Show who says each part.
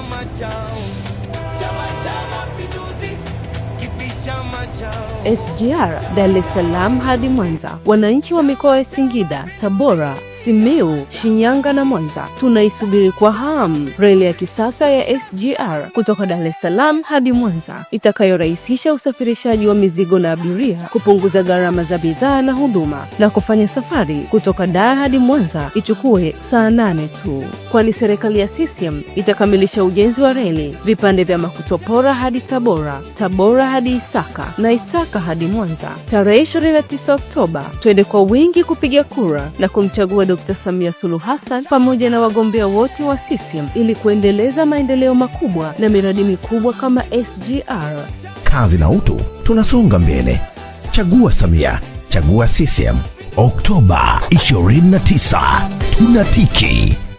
Speaker 1: chama tchau. SGR Dar es Salaam hadi Mwanza. Wananchi wa mikoa ya Singida, Tabora, Simiu, Shinyanga na Mwanza tunaisubiri kwa hamu reli ya kisasa ya SGR kutoka Dar es Salaam hadi Mwanza itakayorahisisha usafirishaji wa mizigo na abiria, kupunguza gharama za bidhaa na huduma, na kufanya safari kutoka Dar hadi Mwanza ichukue saa nane tu, kwani serikali ya CCM itakamilisha ujenzi wa reli vipande vya Makutopora hadi Tabora, Tabora hadi Isaka na Isaka hadi Mwanza tarehe 29 Oktoba. Twende kwa wingi kupiga kura na kumchagua dr Samia sulu Hassan pamoja na wagombea wote wa CCM ili kuendeleza maendeleo makubwa na miradi mikubwa kama SGR.
Speaker 2: Kazi na utu, tunasonga mbele. Chagua Samia, chagua CCM. Oktoba 29 tunatiki.